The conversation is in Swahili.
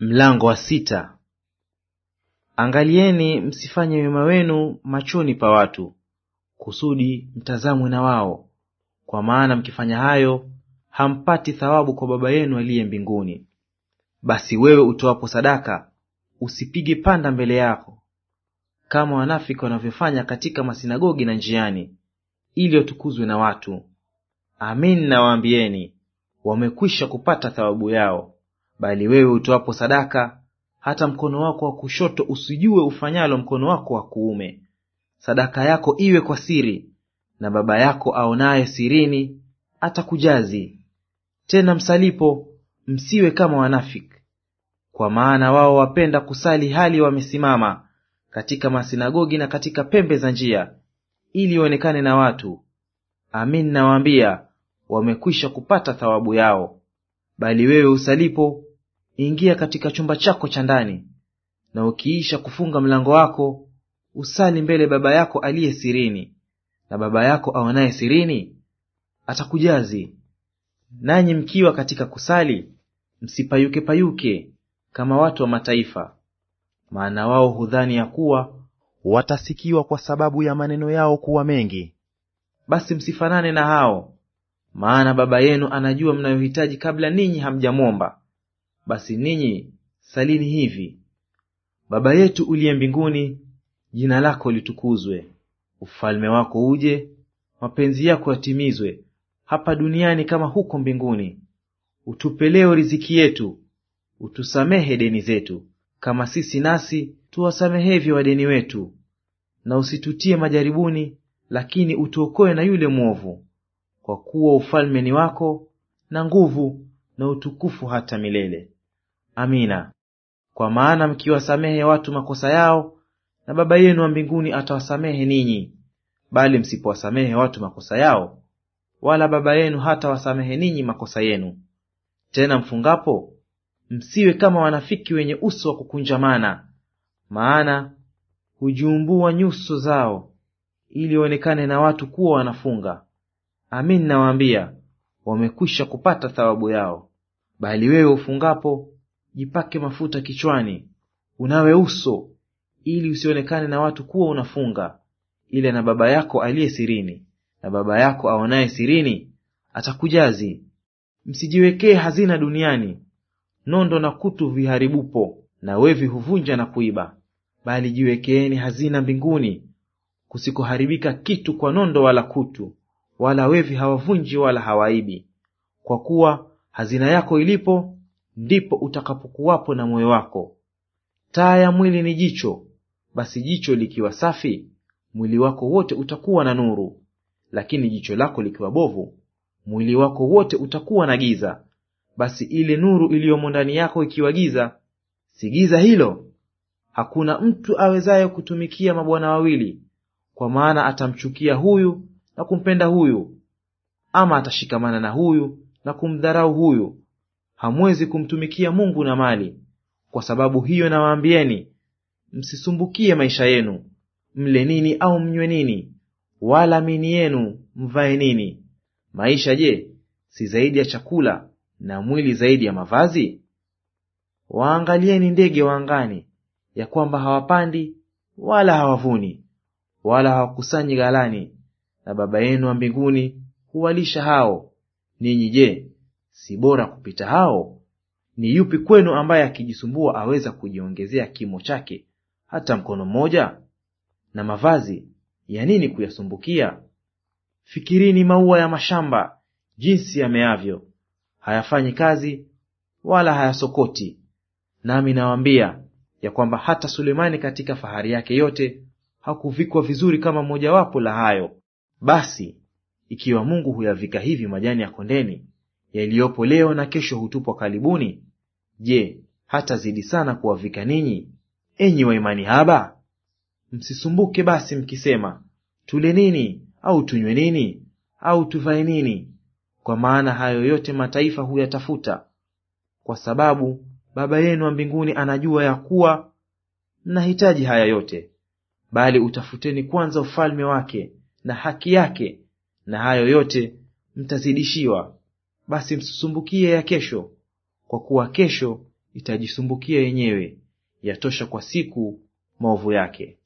Mlango wa sita. Angalieni msifanye wema wenu machoni pa watu, kusudi mtazamwe na wao, kwa maana mkifanya hayo hampati thawabu kwa Baba yenu aliye mbinguni. Basi wewe utoapo sadaka usipige panda mbele yako, kama wanafiki wanavyofanya katika masinagogi na njiani, ili watukuzwe na watu. Amin nawaambieni, wamekwisha kupata thawabu yao. Bali wewe utoapo sadaka, hata mkono wako wa kushoto usijue ufanyalo mkono wako wa kuume. Sadaka yako iwe kwa siri, na Baba yako aonaye sirini atakujazi. Tena msalipo, msiwe kama wanafiki, kwa maana wao wapenda kusali hali wamesimama katika masinagogi na katika pembe za njia, ili ionekane na watu. Amin nawaambia, wamekwisha kupata thawabu yao. Bali wewe usalipo ingia katika chumba chako cha ndani, na ukiisha kufunga mlango wako usali mbele Baba yako aliye sirini, na Baba yako aonaye sirini atakujazi. Nanyi mkiwa katika kusali, msipayuke payuke kama watu wa mataifa, maana wao hudhani ya kuwa watasikiwa kwa sababu ya maneno yao kuwa mengi. Basi msifanane na hao, maana Baba yenu anajua mnayohitaji kabla ninyi hamjamwomba. Basi ninyi salini hivi: Baba yetu uliye mbinguni, jina lako litukuzwe, ufalme wako uje, mapenzi yako yatimizwe hapa duniani kama huko mbinguni. Utupe leo riziki yetu, utusamehe deni zetu kama sisi nasi tuwasamehevyo wadeni wetu, na usitutie majaribuni, lakini utuokoe na yule mwovu. Kwa kuwa ufalme ni wako na nguvu na utukufu hata milele. Amina. Kwa maana mkiwasamehe watu makosa yao, na Baba yenu wa mbinguni atawasamehe ninyi; bali msipowasamehe watu makosa yao, wala Baba yenu hatawasamehe ninyi makosa yenu. Tena mfungapo, msiwe kama wanafiki wenye uso wa kukunjamana, maana hujumbua nyuso zao ili waonekane na watu kuwa wanafunga. Amin, nawaambia, wamekwisha kupata thawabu yao. Bali wewe ufungapo jipake mafuta kichwani, unawe uso, ili usionekane na watu kuwa unafunga, ila na Baba yako aliye sirini, na Baba yako aonaye sirini atakujazi. Msijiwekee hazina duniani, nondo na kutu viharibupo, na wevi huvunja na kuiba, bali jiwekeeni hazina mbinguni, kusikoharibika kitu kwa nondo wala kutu, wala wevi hawavunji wala hawaibi. Kwa kuwa hazina yako ilipo ndipo utakapokuwapo na moyo wako. Taa ya mwili ni jicho. Basi jicho likiwa safi, mwili wako wote utakuwa na nuru, lakini jicho lako likiwa bovu, mwili wako wote utakuwa na giza. Basi ile nuru iliyomo ndani yako ikiwa giza, si giza hilo? Hakuna mtu awezaye kutumikia mabwana wawili, kwa maana atamchukia huyu na kumpenda huyu, ama atashikamana na huyu na kumdharau huyu, hamwezi kumtumikia Mungu na mali. Kwa sababu hiyo nawaambieni, msisumbukie maisha yenu, mle nini au mnywe nini, wala mini yenu mvae nini. Maisha je, si zaidi ya chakula, na mwili zaidi ya mavazi? Waangalieni ndege wa angani, ya kwamba hawapandi wala hawavuni wala hawakusanyi ghalani, na Baba yenu wa mbinguni huwalisha hao. Ninyi je, si bora kupita hao? Ni yupi kwenu ambaye akijisumbua aweza kujiongezea kimo chake hata mkono mmoja? Na mavazi ya nini kuyasumbukia? Fikirini maua ya mashamba jinsi yameavyo, hayafanyi kazi wala hayasokoti. Nami nawaambia ya kwamba hata Sulemani katika fahari yake yote hakuvikwa vizuri kama mojawapo la hayo. Basi ikiwa Mungu huyavika hivi majani ya kondeni, yaliyopo leo na kesho hutupwa kalibuni, je, hatazidi sana kuwavika ninyi, enyi wa imani haba? Msisumbuke basi mkisema, tule nini au tunywe nini au tuvae nini? Kwa maana hayo yote mataifa huyatafuta, kwa sababu Baba yenu wa mbinguni anajua ya kuwa mnahitaji haya yote. Bali utafuteni kwanza ufalme wake na haki yake, na hayo yote mtazidishiwa basi msisumbukie ya kesho, kwa kuwa kesho itajisumbukia yenyewe; yatosha kwa siku maovu yake.